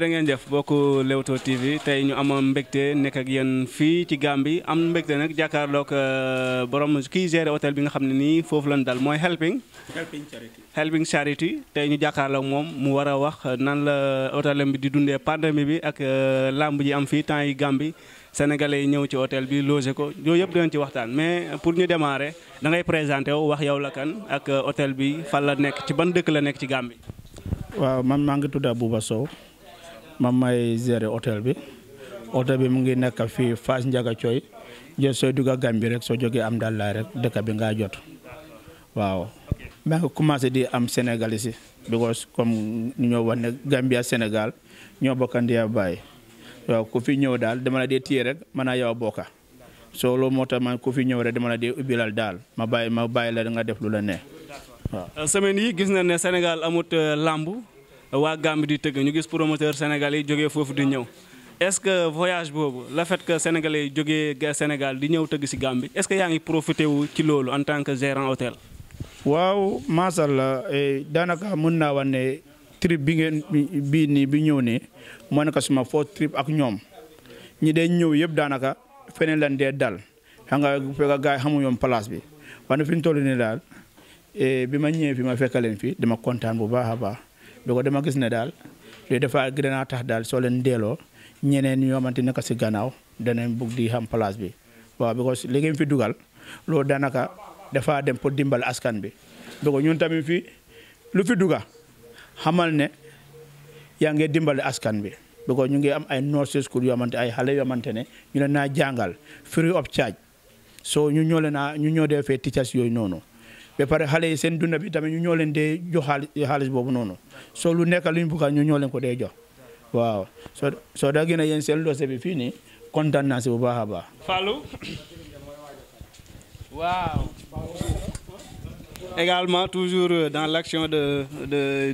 jërë ngeen jëf bokk Leewtoo TV tey ñu am mbégte nekk ak yéen fii ci Gambie am mbégte nag jàkkaarloog euh, borom kii géré hôtel bi nga xam ne nii foofu lañ dal mooy helping. helping charity helping tey ñu jàkkaarloog moom mu war a wax euh, nan la hôtelam bi di dundee pandémie bi ak euh, làmb ji am fii temps yi Gambie sénégalais yi ñëw ci hôtel bi logé ko yooyu yëpp dinañ ci waxtaan mais pour ñu démarrer dangay ngay présenté wu wax yow la kan ak hôtel bi fan la nekk ci ban dëkk la nekk ci Gambie. waaw man maa ngi tudd Abouba Sow man may gérer hôtel bi hôtel bi mu ngi nekk fii Fass Ndiaga Coy jot sooy dugg Gàmbi rek soo jogee am dàllaay rek dëkk bi ngaa jot waaw. maa ngi commencé di am Sénégal si because comme ñoo wax ne Gambia Sénégal ñoo bokk ndey ak baay ku fi ñëw daal dama la dee téye rek mën naa yow a bokk soo loolu moo tax ku fi ñëw rek dama la dee ubbilal daal ma bàyyi ma bàyyi la nga def lu la ne euh, semaine yi gis na ne Sénégal amut euh, làmb. waa Gambie di tëgg ñu gis promoteur Sénégal yi jogee foofu di ñëw est ce que voyage boobu la fait que sénégalais yi jógee Sénégal di ñëw tëgg si Gambie est ce que yaa ngi profité wu ci loolu en tant que gérant hôtel. waaw macha allah e, daanaka mën naa wax ne trip bi ngeen nii bi ñëw nii moo nekk suma foo trip ak ñoom ñi dee ñëw yëpp daanaka feneen lan dee dal xam nga bu ga gars yi xamu ñoom place bi wax na fi ñu toll nii daal e, bi ma ñëwee fi ma fekkaleen fi dama kontaan bu baax a baax. bi ko dama gis ne daal lii dafa gën tax daal soo leen delloo ñeneen ñoo xamante nekk si gannaaw danañ bugg di xam place bi waaw because li ngeen fi dugal loolu daanaka dafa dem po dimbal askan bi donc ñun tamit fii lu fi duga xamal ne yaa ngi dimbale askan bi because ñu ngi am ay nursery school yoo xamante ay xale yoo ne ñu leen naa jàngal free of charge so ñu ñoo leen ñu ñoo defee teachers yooyu noonu ba pare xale yi seen dunda bi tamit ñu ñoo leen dee jox xaalis boobu noonu soo lu nekka lu ñu ñu ñoo leen ko dee jox waaw soo soo daa gën a seen loose bi fii nii kontaan naa si bu baax a baax. Fallou waaw. également toujours euh, dans laction de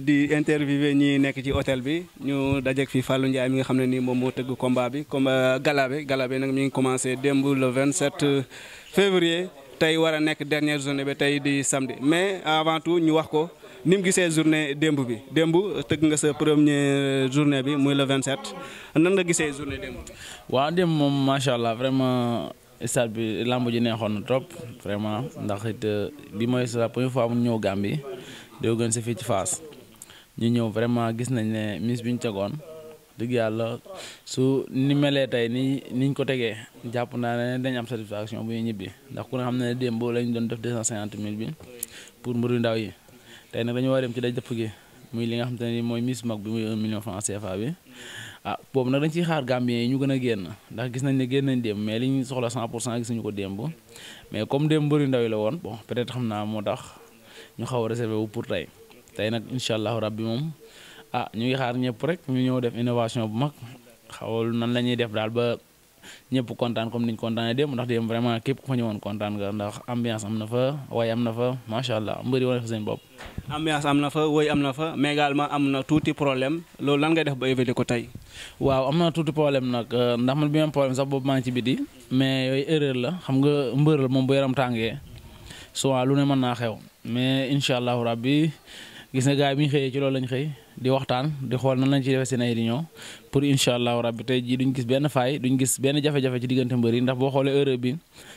di interviewer ñi nekk ci hôtel bi ñu dajeeg fii Fallou Ndiaye mi nga xam ne nii moom moo tëgg combat bi comme euh, gala bi gala bi nag mi ngi commencé démb le 27 euh, février. tey war a nekk dernière journée bi tey di samedi mais avant tout ñu wax ko ni mu gisee journée démb bi démb tëgg nga sa première journée bi muy le 27 nan nga gisee journée démb. waaw démb moom macha allah vraiment stade bi lamb ji neexoon na trop vraiment ndax it euh, bi mooy sa première ñëw Gambie di gën sa fii ci Fass ñu ñëw vraiment gis nañ ne mise bi ñu tegoon. dëgg yàlla su ni melee tey ni niñ ko tegee jàpp naa ne dañ am satisfaction bu ñuy ñibbi ndax ku ne xam ne démb lañ doon def deux cent cinquante mille bi pour mbëru ndaw yi tey nag dañu war dem ci daj dëpp gi muy li nga xam te ni mooy miss mag bi muy un million franc CFA bi ah boobu nag dañ ciy xaar Gambien yi ñu gën a génn ndax gis nañ ne génn nañ démb mais li ñu soxla cent pour cent ñu ko démb mais comme démb mbëru ndaw yi la woon bon peut-être xam naa moo tax ñu xaw a réservé wu pour tey tey nag ah ñu ngi xaar ñëpp rek ñu ñëw def innovation bu mag xawal nan la def daal ba ñëpp kontaan comme niñ kontaanee démb ndax démb vraiment képp ku fa ñëwoon kontaan nga ndax ambiance am na fa way am na fa macha allah mbëri wane fa seen bopp. ambiance am na fa woy am na ngay def ba éviter ko tey. waaw am na tuuti problème nag euh, ndax man bi ma problème sax boobu maa ngi ci biti mais yooyu la xam nga mbër la moom bu yaram tàngee souvent lu ne mën naa xew mais incha allahu gis nga gars yi xëyee di waxtaan di xool na lañ ci defee seen ay réunion pour incha allahu jii duñ gis benn faay duñ gis benn jafe-jafe ci diggante mbër yi ndax boo xoolee heure bi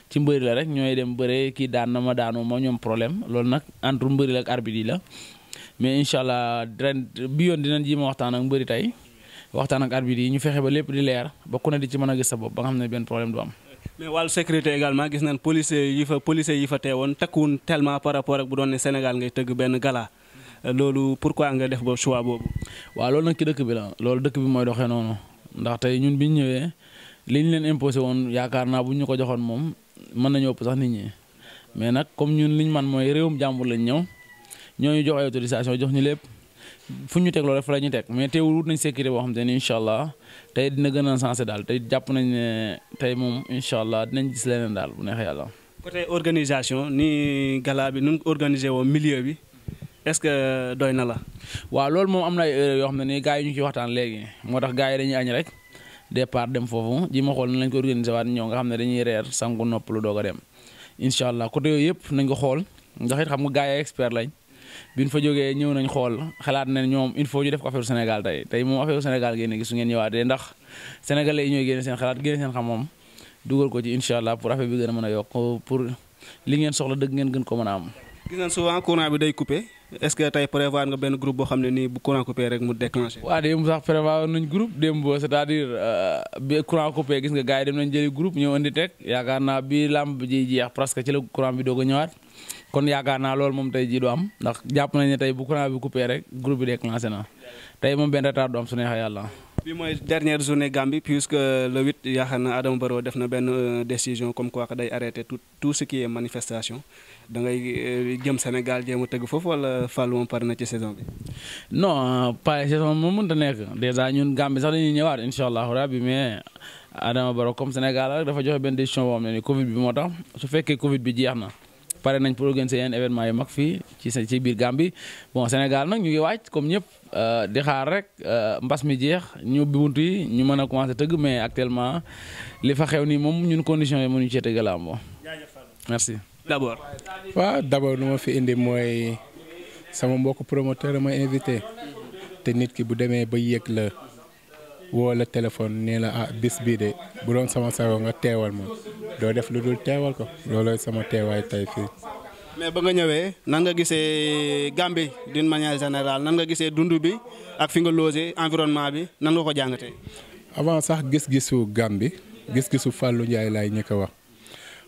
ci mbëri la rek ñooy dem bëree kii daan na ma daanu ma ñoom problème loolu nag entre mbëri la ak yi la mais incha bi yoon dinañ ji ma waxtaan ak mbëri tey waxtaan ak arbitre yi ñu fexe ba lépp di leer ba ku ne di ci mën a gis sa bopp ba nga xam ne benn problème du am. mais wàllu doon ne Sénégal ngay tëgg benn gala loolu pourquoi nga def ba choix boobu. waaw loolu nag ci dëkk bi la loolu dëkk bi mooy doxee noonu ndax tey ñun bi ñu ñëwee li ñu leen imposé woon yaakaar naa bu ñu ko joxoon moom mën nañu ëpp sax nit ñi mais nag comme ñun liñ man mooy réewum jàmbur lañ ñëw ñoo ñu jox ay autorisation jox ñu lépp. fu ñu teg loolu fa la ñu teg mais teewul wut nañ sécurité boo xam te ni incha allah tey dina gën a daal tey jàpp nañ ne tey moom incha allah dinañ gis leneen daal bu neexee yàlla. côté organisation ni bi est-ce que doy na la. waaw loolu moom am na ay yoo xam ne nii gars yi ñu ci waxtaan léegi moo tax gars yi dañuy añ rek départ dem foofu ji ma xool na lañ ko organiser waat ñëw nga xam ne dañuy reer sangu noppalu doog a dem incha yëpp nañ ko xool ndax it xam nga gars yi expert lañ biñ fa jógee ñëw nañ xool xalaat ne ñoom il faut ñu def ko affaire Sénégal tey tey moom affaire Sénégal ngeen gis su ngeen ñëwaatee ndax sénégalais yi ñooy seen xalaat génne seen xam-xam dugal ko incha allah pour affaire bi gën a mën a yokk pour li ngeen soxla dëgg ngeen gën ko mën a am. gis nañ souvent courant bi day coupé est-ce que tey prévoir nga benn groupe boo xam ne nii bu courant coupé rek mu déclenché. waaw démb sax prévoir nañ groupe démb c'est-à-dire euh, bi courant coupé gis nga gars yi dem nañ jëli groupe ñëw indi teg yaakaar naa bi làmb ji jeex presque ci la courant bi doog ñëwaat kon yaakaar naa loolu moom tey jii du am ndax jàpp nañ ne tey bu courant bi coupé rek groupe bi déclenché na tey moom benn retard du am su neexee yàlla. bi mooy dernière journée Gambie puisque le huit yaakaar na Adama Barrow def na benn euh, décision comme quoi day arrêté tout tout ce qui est manifestation da ngay euh, jëm Sénégal jéem a tëgg foofu wala Fallou moom pare na ci saison bi. no pare saison bi moom mënut a nekk dèjà ñun Gambie sax dañuy ñëwaat incha allahu rabbi mais Adama Barrow comme Sénégal rek dafa joxe benn décision boo xam ne ni Covid bi moo tax su fekkee Covid bi jeex na. pare nañ pour organiser yeneen événement yu mag fii ci ci biir Gambie bon Sénégal nag ñu ngi waaj comme ñëpp euh, di xaar rek euh, mbas mi jeex ñu ubbi bunt ñu mën a commencé tëgg mais actuellement li fa xew nii moom ñun conditions yi mënuñu cee tëgg la am merci. d'abord. waaw d'abord lu ma fi indi mooy sama mbokk promoteur ma invité te nit ki bu demee ba yéeg la. woo la téléphone nee la ah bis bii de bu doon sama sago nga teewal ma doo def lu dul teewal ko loolooy sama teewaay tey fii. mais ba nga ñëwee nan nga gisee Gambie d'une manière générale nan nga gisee dund bi ak fi nga logé environnement bi nan nga ko jàngatee. avant sax gis-gisu Gambie gis-gisu Fallou Ndiaye lay ñi ko wax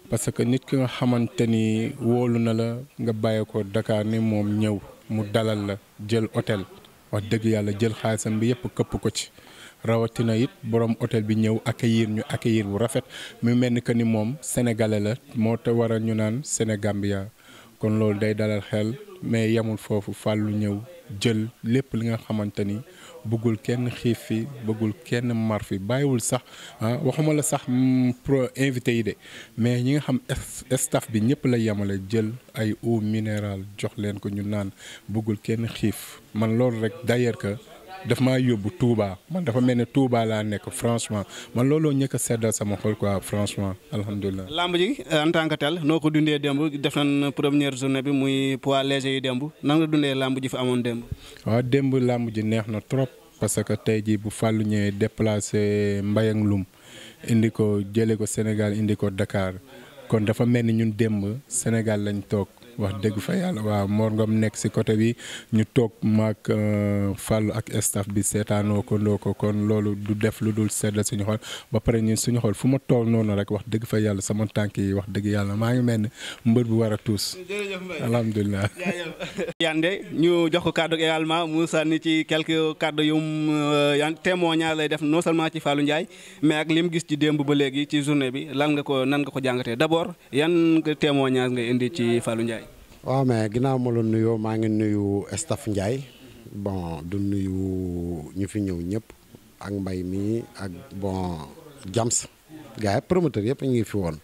parce que nit ki nga xamante ni wóolu na la nga bàyyi ko Dakar ni moom ñëw mu dalal la jël otel wax dëgg yàlla jël xaalisam bi yëpp këpp ko ci. rawatina it borom hôtel bi ñëw accueillir ñu accueillir bu rafet mu mel ni que ni moom sénégalais la moo te waral ñu naan Sénégambia kon loolu day dalal xel mais yemul foofu fàllu ñëw jël lépp li nga xamante ni bëggul kenn xiif fi bëggul kenn mar fi bàyyiwul sax ah waxuma la sax mm, pro invité yi de mais ñi nga xam staff bi ñëpp la yemale jël ay eau minérale jox leen ko ñu naan bëggul kenn xiif man loolu rek d'ailleurs ka daf ma yóbbu Touba man dafa mel ne Touba laa nekk franchement man looloo ñëkk a seddal sama xol quoi franchement alhamdulilah. lamb ji en tant que tel noo ko dundee démb def nañ première journée bi muy pois léger yi démb nan nga dundee lamb ji fi amoon démb. waaw démb lamb ji neex na trop parce que tey jii bu fàllu ñëwee déplacé mbay ak indi ko jëlee ko Sénégal indi ko dakaar kon dafa mel ni ñun démb Sénégal lañ toog. wax dëgg fa yàlla waaw Mor Ngom nekk si côté bi ñu toog maag euh, fàlu ak staff bi seetaanoo ko ndoo ko kon loolu du def lu dul sedd suñu xol ba pare ñun suñu xol fu ma toog noonu rek wax dëgg fa yàlla sama tànk yi wax dëgg yàlla maa ngi mel ni mbër bu war a tuus. alhamdulilah. yande ñu jox ko kàddu également mu sànni ci quelques kàddu yu euh, yan témoignage lay def non seulement ci Fallou Ndiaye mais ak li mu gis ci démb ba léegi ci journée bi lan nga ko nan nga ko jàngatee d'abord yan témoignage nga indi ci Fallou Ndiaye. waaw mais ginnaaw ma la nuyoo maa ngi nuyu staf Ndiaye bon du nuyu ñu fi ñëw ñëpp ak mbay mi ak bon Jams gars yi promoteur yëpp ñu ngi fi woon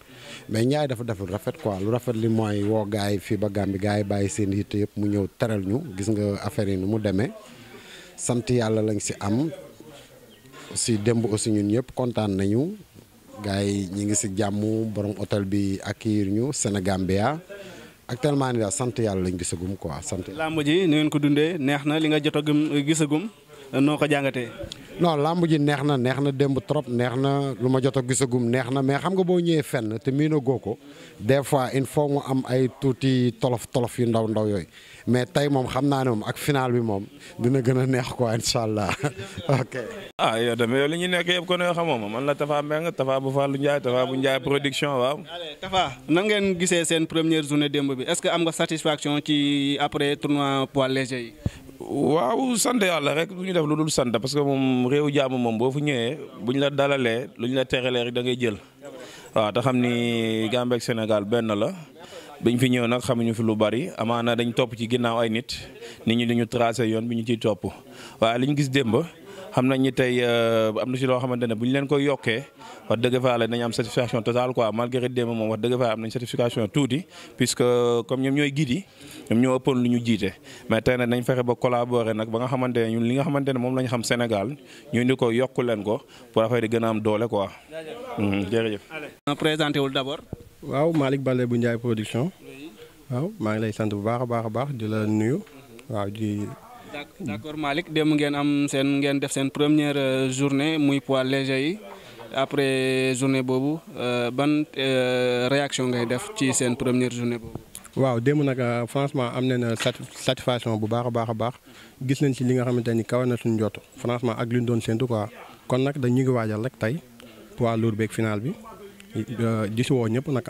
mais Ndiaye dafa def rafet quoi lu rafet li mooy woo gars yi fii ba Gàmbi gars yi bàyyi seen yitte yëpp mu ñëw teral ñu gis nga affaire yi nu mu demee sant yàlla lañ si am si démb aussi ñun ñëpp kontaan nañu gars yi ñu ngi si jàmm borom hôtel bi accueillir ñu senegam bi Sénégambia actuellement ni daal sant yàlla lañ gisagum quoi sant. làmb ji ni ngeen ko dundee neex na li nga jot a gisagum noo ko jàngatee. non làmb ji neex na neex na démb trop neex na lu ma jot a gisagum neex na mais xam nga boo ñëwee fenn te miinagoo ko des fois il faut mu am ay tuuti tolof tolof yu ndaw ndaw yooyu. mais tey moom xam naa ne moom ak final bi moom dina gën a neex quoi incha allah ok. ah yow tamit yow li ñu nekk yëpp ko ne xamoo ma man la Tafa Mbengue Tafa bu Fallou Ndiaye Tafa bu Ndiaye production waaw. Tafa ngeen gisee seen première journée démb bi est-ce que am nga satisfaction ci après tournoi poids léger yi. waaw sant yàlla rek du ñu def lu dul sant parce que moom réew jaamu moom boo fu ñëwee bu ñu la dalalee lu ñu la teralee rek da ngay jël waaw te ni Gambie ak Sénégal benn la. bañ fi ñëw nag xamuñu fi lu bari amaana dañ topp ci ginnaaw ay nit nit ñi dañu tracé yoon bi ñu ciy topp waaye liñ gis démb xam nañ ni tey euh, am na si loo xamante ne bu ñu leen koy yokkee wax dëgg faa la dañ am satisfaction totale quoi malgré démb moom wax dëgg faa am nañ satisfaction tuuti comme ñoom ñooy guide yi ñoom ñoo ëppoon lu ñu jiite mais tey nag dañ fexe ba collaborer nag ba nga xamante ne ñun li nga xamante ne moom la xam Sénégal ñu ni ko yokku leen ko pour affaire yi gën a am doole quoi. Hmm, jërëjëf. présenté waaw Malick bale bu Ndiaye production waaw maa ngi lay sant bu baax a baax a baax di la nuyu mhm. waaw di. d' accord démb ngeen am seen ngeen def seen première euh, journée muy pois léger yi après journée boobu euh, ban euh, réaction ngay def ci seen première journée boobu. waaw démb nag franchement am nañ satisfaction bu baax a baax a baax gis nañ ci li nga xamante ni kaw na suñu njott franchement ak li ñu doon séntu quoi kon nag ñu ngi waajal rek tey poids lourd beeg final bi. Euh, di si woo ñëpp nag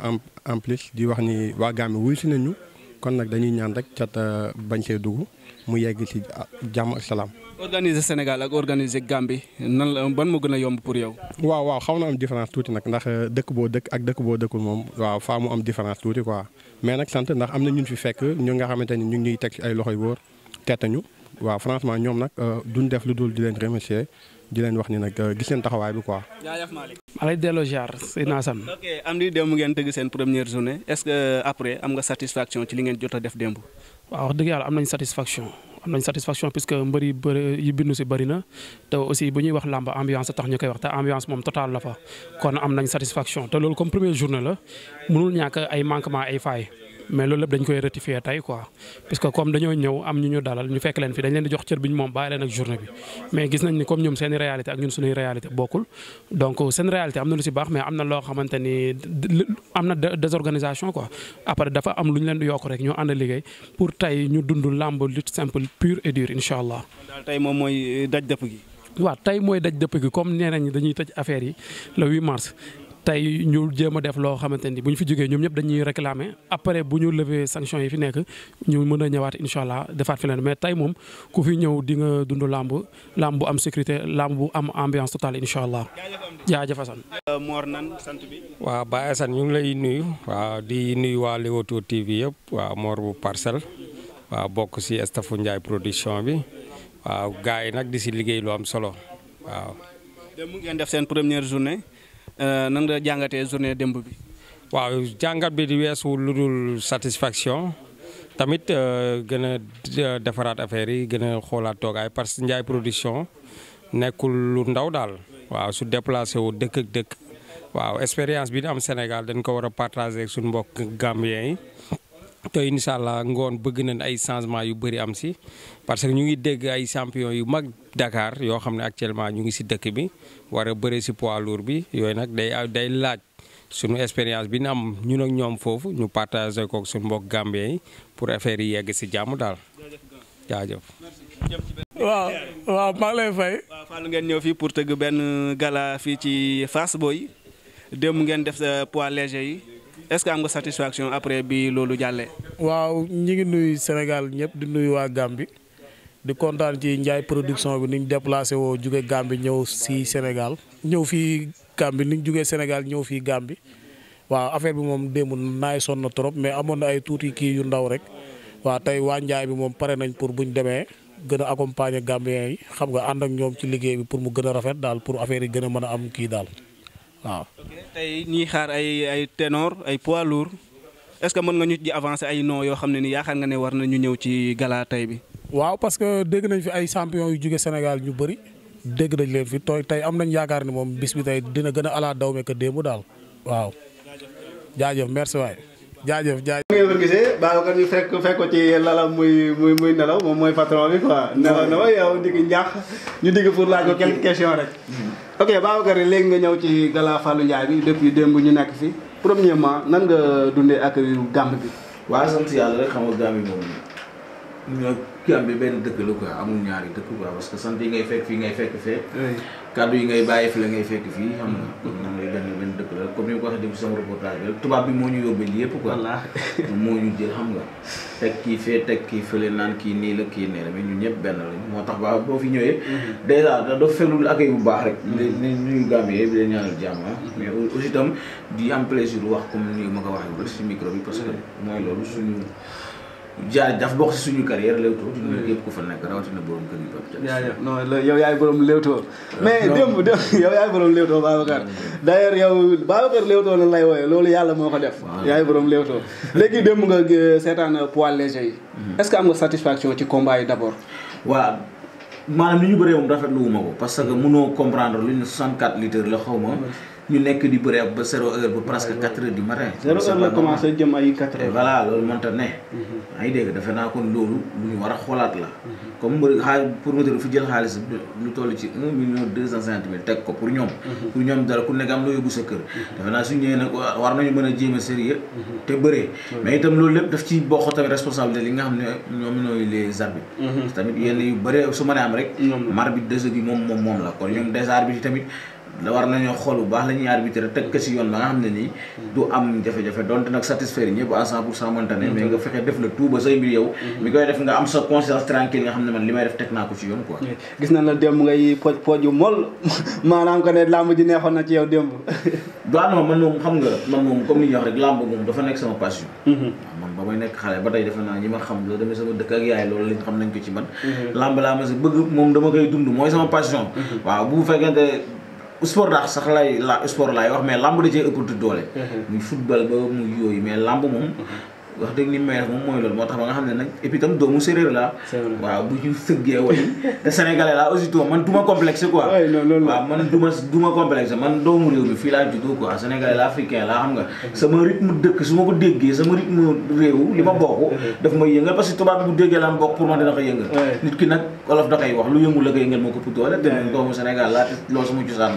en di wax ni waa Gàmbi wuy si nañu kon nag dañuy ñaan rek cat euh, bañ see dugg mu yegg si ah, jàmm ak salaam. organiser Sénégal ak organiser Gàmbi nan la ban moo gën a yomb pour yow. waaw waaw xaw na am différence tuuti nag ndax euh, dëkk boo dëkk ak dëkk boo dëkkul moom waaw faa mu am différence tuuti quoi mais nag sant ndax am na ñun fi fekk ñu nga xamante ni ñu ngi ñuy teg si ay loxoy wóor teetañu waaw franchement ñoom nag duñ def lu dul di leen di leen wax ni nag euh, gis ngeen taxawaay bi quoi. jaajëf Malick. maa lay delloo ziar Seydina Assane. am di démb ngeen tëgg seen première journée est-ce que euh, après am nga satisfaction ci li ngeen jot a def démb. waaw wax dëgg yàlla am nañ satisfaction am nañ satisfaction puisque mbër bëri yi bindu si bëri te aussi bu ñuy wax làmb ambiance tax ñu koy wax te ambiance moom total la fa kon am nañ satisfaction te loolu comme première journée la mënul ñàkk ay manquement ay mais loolu lépp dañ koy rectifier tey quoi parce que comme dañoo ñëw am ñu ñu dalal ñu fekk leen fi dañ leen di jox cër bi ñu moom bàyyi leen ak journée bi mais gis nañ ni comme ñoom seen réalité ak ñun suñuy réalité bokkul donc seen réalité am na lu si baax mais am na loo xamante ni am na désorganisation quoi après dafa am lu ñu leen di yokk rek ñoo ànd liggéey pour tey ñu dund làmb lutte simple pure et dure incha allah. daal tey moom mooy euh, daj dëpp gi. waaw tey mooy daj dëpp gi comme nee nañ dañuy tëj affaire yi le 8 mars tey ñu jéem a def loo xamante ni bu ñu fi jógee ñoom ñëpp dañuy réclamer après bu ñu lever sanction yi fi nekk ñu mën a ñëwaat incha allah defaat fi leen mais tey moom ku fi ñëw di nga dund làmb làmb bu am sécurité làmb bu am ambiance totale incha allah jaajëf Assane. Euh, Mor nan sant waaw Baye ñu ngi lay nuyu. waaw di nuyu waa Leewtoo TV yëpp waaw Mor bu parcelle. waaw bokk si staffu Ndiaye production bi. waaw gars yi nag di si liggéey lu am solo waaw. mu ngeen def seen première journée. Euh, nan nga jàngatee journée démb bi. waaw jàngat bi di weesu lu dul satisfaction tamit euh, gën a euh, defaraat affaire yi gën a xoolaat toogaay parce que Ndiaye production nekkul lu ndaw daal waaw su déplacé wu dëkk dëkk waaw expérience bi di am Sénégal dañ ko war a partager suñu mbokk Gambien yi. te incha allah ngoon bëgg na nañ ay changement yu bëri am si parce que ñu ngi dégg ay champion yu mag dakaar yoo xam ne actuellement ñu ngi si dëkk bi war a bëri si poids lourd bi yooyu nag day day laaj suñu expérience bi ñu am ñun ak ñoom foofu ñu partagé kook suñu mbokk Gambien yi pour affaire yi yegg si jàmm daal jaajëf. waaw waaw maa ngi lay fay. waaw Fallou benn gala fii ci Fass Boy démb ngeen def euh, poids léger yi. est-ce que am nga satisfaction après bii loolu jàllee. waaw ñi ngi nuyu Sénégal ñëpp di nuyu waa Gambie di kontaan ci njaay production bi ni ñu déplacé woo jóge Gambie ñëw si Sénégal ñëw fii Gambie ni ñu jógee Sénégal ñëw fii Gambie waaw affaire bi moom démb naay sonn na trop mais amoon na ay tuuti kii yu ndaw rek waa tey waa njaay bi moom pare nañ pour buñ demee gën a accompagner Gambiens yi xam nga ànd ak ñoom ci liggéey bi pour mu gën a rafet daal pour affaire yi gën a mën a am kii daal. waaw. tey ñiy xaar ay ay ténor ay poids lour est-ce que mën nga ñu ci avancé ay noms yoo xam ne ni yaakaar nga ne war na ñu ñëw ci galaatay tey bi. waaw parce que dégg nañ fi ay champion yu jóge Sénégal ñu bëri dégg nañ leen fi tooy tey am nañ yaakaar ne moom bis dina gën a ala daw me que daal waaw jaajëf merci waay. jaajëf jaajëf. ngeen ko gisee Babacar ñu fekk fekk ci lalam muy muy muy nelaw moom mooy patron bi quoi. nelaw na wa yow digg njaax ñu digg pour laaj ko quelques questions rek. Mm-hmm. ok Babacar léegi nga ñëw ci gala Fallou Ndiaye bi depuis démb ñu nekk fi premièrement nan nga dundee ak gàmm bi. waaw sant yàlla rek xam nga gàmm bi moom Gambie benn dëkk la quoi amul ñaari dëkk quoi parce que sant yi ngay fekk fii ngay fekk fee. kàddu yi ngay bàyyi fi la ngay fekk fii xam nga. kon nag dëkk la comme ni ma ko waxee sama reportage tubaab bi moo ñu yóbbee lii yëpp quoi. moo ñu jël xam nga. teg kii fee teg kii fële naan kii nii la kii nee la mais ñun ñëpp benn lañu moo tax ba boo fi ñëwee. Mhm. dèjà da doo fekk lu accueil bu baax rek. ñu ñu Gambie bi leen ñaanal jàmm ah. mais aussi itam di am plaisir wax comme nii ma ko wax wala si micro bi parce que mooy loolu suñu. jaar daf boo si suñu carrière Leewtoo di nuyu yëpp ku fa nekk rawatina borom kër yi Pape Thialis. jaajëf non mais démb démb yow yaay borom Leewtoo Babacar. d' ailleurs yow Babacar Leewtoo lan lay wooyee loolu yàlla moo ko def. yaay borom Leewtoo. léegi démb nga euh, seetaan euh, pois léger yi. Mhm. est ce que am nga satisfaction ci combat yi abord. waaw maanaam ni ñu bëree moom rafetlu ma parce que mënoo comprendre lu ñu 64 litres la xaw ma. Ah, ñu nekk di bëre ba zéro heure ba presque quatre heures du matin. zéro heure la commencé jëm ay quatre heures. voilà loolu mënta ne. maa mhm. ngi dégg defe naa kon loolu lu ñu war a xoolaat mhm. mhm. a a tamit yenn yu bëree su ma am rek. ñoom la marbitre de jeu bi moom moom moom la kon ñoom des arbitres yi tamit la war nañoo xool baax la ñuy teg ko si yoon ba nga xam ne nii du am jafe-jafe donte nag satisfaire ñëpp à 100 pour cent mënta mais nga fexe def la tout say mbir yow mm-hmm. mi koy def nga am sa conscience tranquille nga xam ne man moom xam nga man moom comme ni ñu rek làmb moom dafa nekk sama passion mm-hmm. man ba may nekk xale ba tey defe naa ñi ma xam la demee sama dëkk ak yaay loolu lañ xam nañ ko ci man mm-hmm. làmb laa ma si bëgg moom dama koy dund mooy sport daax sax lay la sport lay wax mais lamb da cee ëpp doole. Mm-hmm. muy football ba muy yooyu mais lamb moom. Mm-hmm. wax dëgg ni may def moom mooy loolu moo tax ba nga xam ne nag et puis tam doomu séeréer la waaw bu ñu sëggee way te sénégalais la aussitôt man du ma complexe quoi waaw man du ma du ma complexe man doomu réew mi fii laa juddoo xam nga sama rythme dëkk su ma ko déggee sama rythme nit da koy wax lu yëngu la ko yëngal moo ko putoole te doomu sénégal la te loolu sama cosaan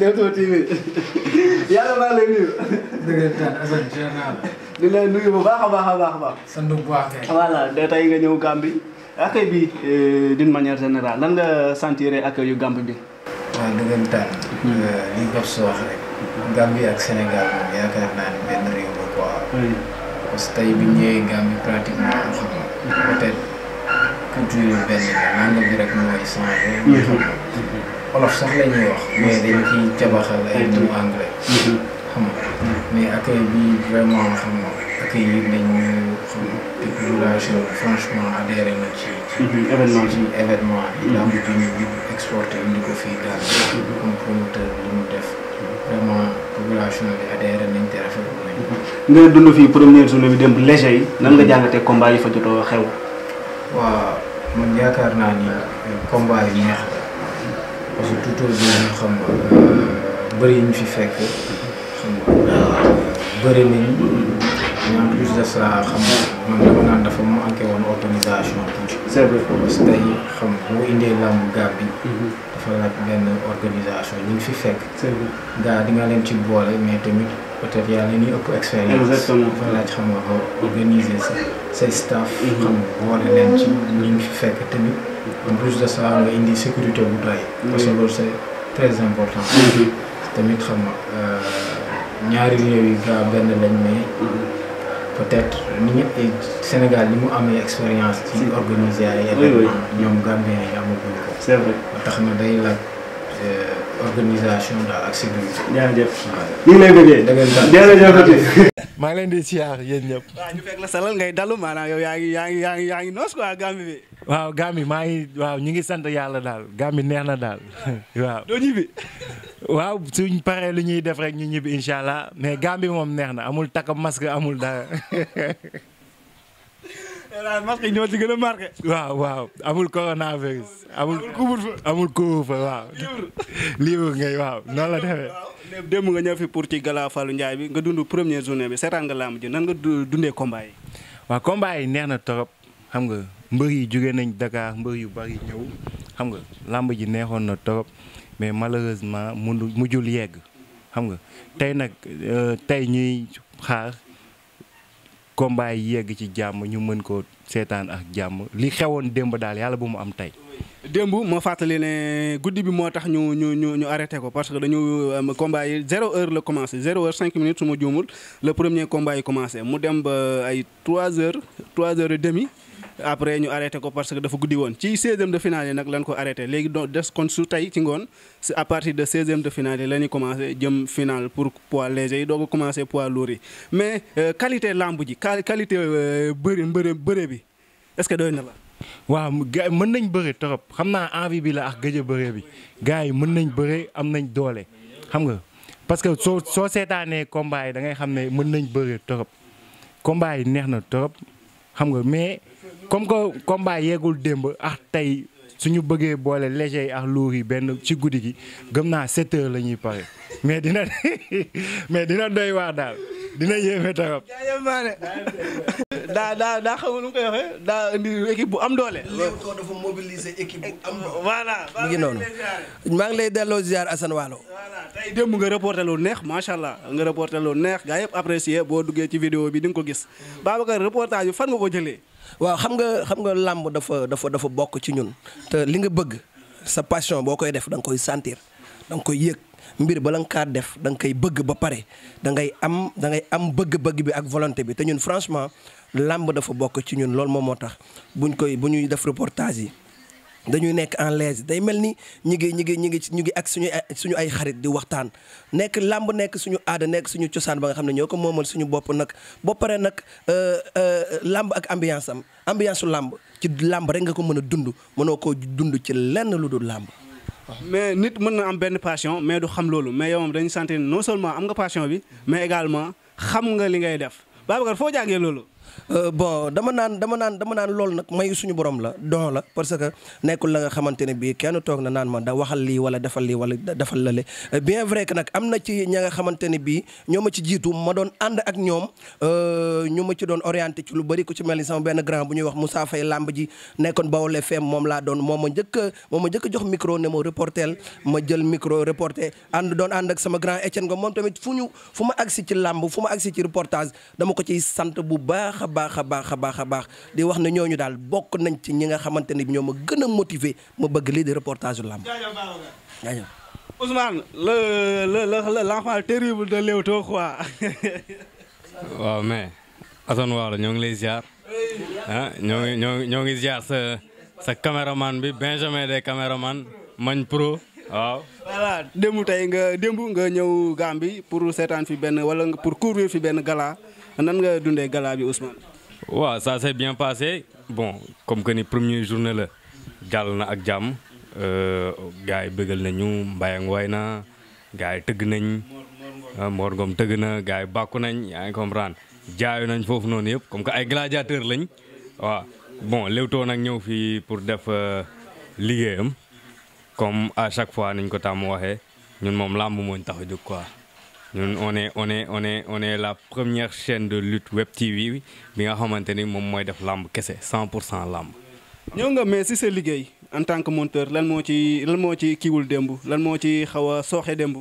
la yàlla maa lay nuyu. dëggantaan Assane Dieng la. di lay nuyu bu baax a baax a baax a baax. sant bu baax kay. voilà de tey nga ñëw Gambie accueil bi euh, d'une manière générale lan nga sentir accueil yu Gambie bi. waaw hmm. euh, bi ñëwee Gambie pratiquement am xam nga olof sax la ñuy wax. mais dañ ciy cabaxal engrais. mais accueil bi vraiment xam nga accueil yi nañu xam te population franchement adhéré na ci. ci mm-hmm. événement ci événement mm-hmm. ko fii daal. Mm-hmm. def. vraiment population bi adhéré nañ te rafetlu nañ. nga dund fii première journée bi dem léger yi. nan nga jàngatee combat yi fa jotoo xew. waaw man yaakaar naa ni combat yi neex la. surtout tour bi ñu xam euh, bëri yi ñu fi fekk xam nga bëri nañ ñu en plus de ça xam nga man xam nga indee làmb gaab bi. Mhm. dafa ngi fi fekk. c'est vrai di nga leen ci boole mais tamit peut-être yaa leen ëpp expérience. exactement dafa laaj xam nga ko organiser sa say mhm. ñu ngi fi fekk tamit. en plus de ça nga indi sécurité bu doy. parce que loolu c'est très important. Mhm. tamit xam nga euh, ñaari réew yi gaa benn lañ mais. Mhm. peut-être ni ñu Sénégal li mu amee expérience. ci organiser ay événements ñoom Gambien yi amaguñ ko. Euh, ngi lay maanaam yaa ngi yaa ngi yaa ngi yaa Gambie bi. waaw gaa mi maa ngi waaw ñu ngi sant yàlla daal gaa mi neex na daal waaw. doo ñibbi. waaw suñ paree lu ñuy def rek ñu ñibbi incha allah mais gaa moom neex na amul takk masque amul dara. voilà eh, masque yi ñoo ci gën a marqué. waaw waaw amul coronavirus. amul amul couvre-feu waaw. libre ngay waaw noonu la defee. démb nga ñëw fi pour ci gala Fallou Ndiaye bi nga dund premier journée bi seetaan nga laam ji nan nga dundee kombaay waaw combat yi neex na trop xam nga. mbër yi jóge nañ dakaar mbër yu bari ñëw xam nga làmb ji neexoon na torop mais malheureusement mënu mujjul yegg xam nga tey nag euh, tey ñuy xaar combat yi yegg ci jàmm ñu mën ko seetaan ak jàmm li xewoon démb daal yàlla bu mu am tey. démb ma fàttali ne guddi bi moo tax ñu ñu ñu ñu ko parce que dañu euh, combat yi zéro heure la commencé zéro heure cinq minutes su ma juumul le premier combat yi mu dem ba ay trois heures trois heures et demie. après ñu arrêté ko parce que dafa guddi woon ci 16e de finale yi nag lañ ko arrêté léegi do des kon su tey ci ngoon à partir de 16e de finale yi la ñu commencé jëm finale pour poids léger yi doog a commencé poids lourd yi mais euh, qualité lamb ji qualité euh, bëri mbëre bëre bi est-ce que doy na la. waaw gars mën nañ bëri trop xam naa envie bi la ak gëj a bi gars yi mën nañ bëre am nañ doole xam nga parce que soo soo seetaanee combat yi da xam ne mën nañ bëre trop combat yi neex na trop comme que combat yeegul démb ah tey suñu bëggee boole léger yi ak lourd yi benn ci guddi gi gëm naa sept heures la ñuy pare mais dina mais dina doy waar daal dina yéeme trop. daa daa daa xamul nu koy waxee daa indi équipe bu am doole. Leewtoo dafa mobiliser équipe bu am ngi noonu maa ngi lay delloo ziar Assane Waalo. voilà tey démb nga reporté lu neex macha allah nga reporté lu neex gaa yëpp apprécié boo duggee ci vidéo bi di nga ko gis. Babacar reportage fan nga ko jëlee. waaw xam nga xam nga làmb dafa dafa dafa bokk ci ñun te li nga bëgg sa passion boo koy def da nga koy sentir da nga koy yëg mbir bala nga kaa def da nga koy bëgg ba pare da ngay am da ngay am bëgg-bëgg bi ak volonté bi te ñun franchement làmb dafa bokk ci ñun loolu moom moo tax buñ koy bu ñuy def reportage yi dañuy nekk en l'aise day mel ni ñu ngi ñu ngi ñu ngi ñu ngi ak suñu suñu ay xarit di waxtaan nekk làmb nekk suñu aada nekk suñu cosaan ba nga xam ne ñoo ko moomal suñu bopp nag ba pare nag euh, euh, làmb ak ambiance am su làmb ci làmb rek nga ko mën a dund mënoo ko dund ci lenn lu dul làmb. mais nit mën na am benn passion mais du xam loolu mais yow dañu sentir non seulement am nga passion bi mais également xam nga li ngay def Babacar foo jàngee loolu. Euh, bon dama naan dama naan dama naan loolu nag mayu suñu borom la don la parce que nekkul la nga xamante ne bii kenn toog na naan ma da waxal lii wala defal lii wala defal lale euh, bien vrai que nag am na ci ña nga xamante ne bii ñoo ma ci jiitu ma doon ànd ak ñoom euh, ñu ma ci doon orienté ci lu bëri ko ci mel sama benn grand bu ñuy wax Moussa Faye làmb ji nekkoon Bawol FM moom laa doon moom ma njëkk a moom ma njëkk jox micro ne ma reportel ma jël micro reporté ànd doon ànd ak sama grand Etienne Ngom moom tamit fu ñu fu ma agsi ci làmb fu ma agsi ci reportage dama ko ciy sant bu baax baax a baax a baax a baax di wax ne ñooñu daal bokk nañ ci ñi nga xamante ne ñoo ma gën a motiver ma bëgg lii di reportage làmb jaajëf la la la la l'enfant terrible de Leewtoo quoi. waaw mais Assane Waalo ngi lay ziar ah ñoo ngi ñoo ngi ñoo ngi bi Benjamin des caméraman mañ pro waaw. voilà démb tey nga démb nga ñëw Gambie pour seetaan fi benn wala pour couvrir fi benn gala nan nga dundee gala bi Ousmane. waaw ça s'est bien passé bon comme que ni premier journée la jàll na ak jàmm euh, gars yi bëggal nañu mbayang waay na gars yi tëgg nañ ah, Mor Ngom tëgg na gars yi bàkku nañ yaa ngi comprendre jaayu nañ foofu noonu yëpp comme que ay gladiateur lañ waaw bon Leewtoo nag ñëw fii pour def euh, liggéeyam comme à chaque fois niñ ko tàmm waxee ñun moom làmb moo ñu tax a jóg quoi ñun on est on est on est on est la de lutte web TV bi nga xamante ni moom mooy def làmb kese 100 pour cent làmb. ñëw nga mais si sa liggéey en tant que monteur lan moo ci lan moo ci kiiwul démb lan moo ci xaw a sooxe démb.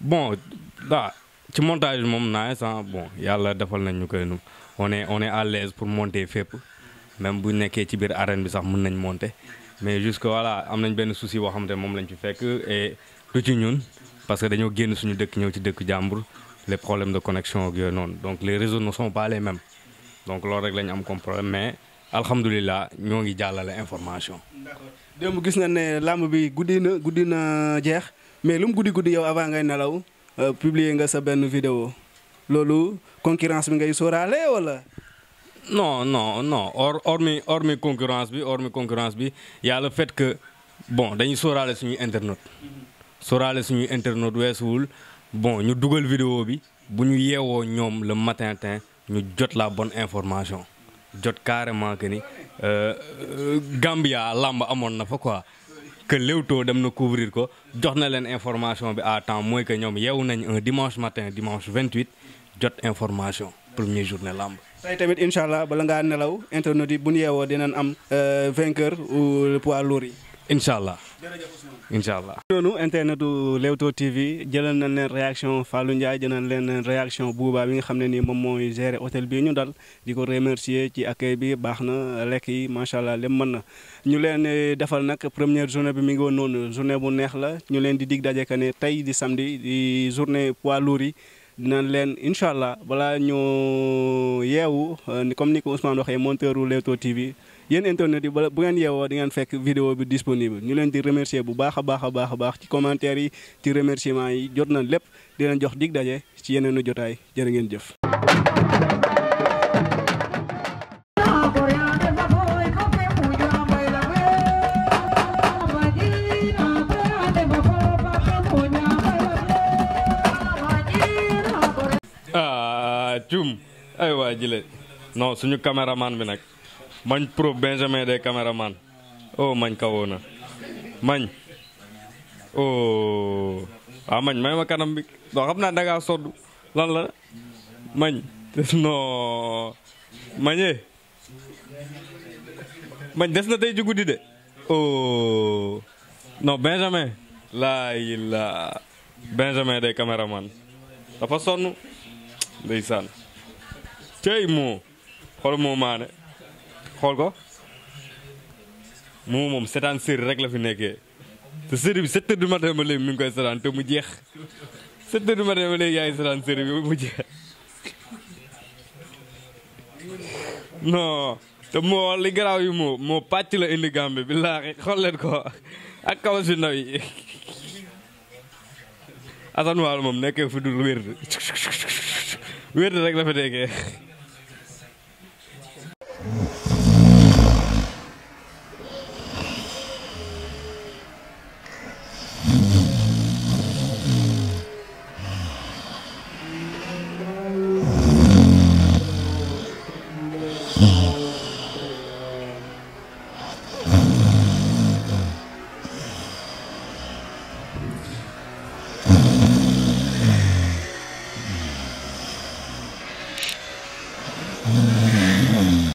bon daa ci montage bi moom naa sans bon yàlla defal nañ ñu koy nu on est on est à pour monter fépp même bu nekkee ci biir arène bi sax mun nañ monter mais jusque voilà am nañ benn souci boo xamante moom lañ ci fekk et du ci ñun. parce que dañoo génn suñu dëkk ñëw ci dëkk jàmbur les problème de connexion ak yooyu noonu donc les réseaux ne sont pas les mêmes donc loolu rek la am comme problème mais alhamdulilah ñoo ngi jàllale information. d'accord démb gis na ne làmb bi guddi na guddi na jeex mais lu mu guddi guddi yow avant ngay nelaw euh, publier nga sa benn vidéo loolu concurrence bi ngay sóoraale wala. non non non or hormis concurrence bi hormis concurrence bi yàlla a que bon dañuy sóoraale suñuy internautes. Mm-hmm. soraale suñuy internet weesuwul bon ñu dugal vidéo bi bu ñu yeewoo ñoom le matin tin ñu jot la bonne information jot carrément que ni euh, euh, Gambia làmb amoon na fa quoi que Leewtoo dem na couvrir ko jox na leen information bi à temps mooy que ñoom yeewu nañ un dimanche matin dimanche 28 jot information premier journée làmb tey tamit incha bala ngaa nelaw internet yi bu ñu yeewoo dinañ am euh, vainqueur ou poids incha allah incha allah noonu internetu Leewtoo TV jëlal na leen réaction Fallou Ndiaye jëlal leen réaction Bouba bi nga xam ne nii moom mooy gérer hôtel bii ñu dal di ko remercier ci accueil bi baax na lekk yi macha allah lépp mën na ñu leen eh, defal nag première journée bi mi ngi woon noonu journée bu neex la ñu leen di dig dajeka ne tey di samedi di journée poids lourds dina leen incha allah balaa ñu yeewu eh, comme ni ko Ousmane waxee monteuru Leewtoo TV yéen internet yi bala bu ngeen yeewoo di ngeen fekk vidéo bi disponible ñu leen di remercier bu baax baaxa baax a baax a ci commentaire yi ci remerciement yi jot na lépp di jox dig daje ci yeneenu jotaay jërë ngeen jëf ah cum ay waa jile non bi nag mañ pro benjamin de cameraman oh mañ kawoona mañ oh waaw ah, mañ may ma kanam bi doo xam naa dangaa sodd lan la mañ non mañee eh. mañ des na tey ci guddi de oh non benjamin laa yi benjamin de cameraman dafa sonn ndeysaan cey moo xool moo maane xool ko moom moom seetaan série rek la fi nekkee te série bi sept heures du matin ba léegi mi ngi koy seetaan te mu jeex sept heures du matin ba léegi yaa seetaan série bi mu jeex non te moo li yi moo moo pàcc la indi gambe bi billaahi xool leen ko ak kaw si ndaw yi moom nekkee fi dul wér wér rek la fi nekkee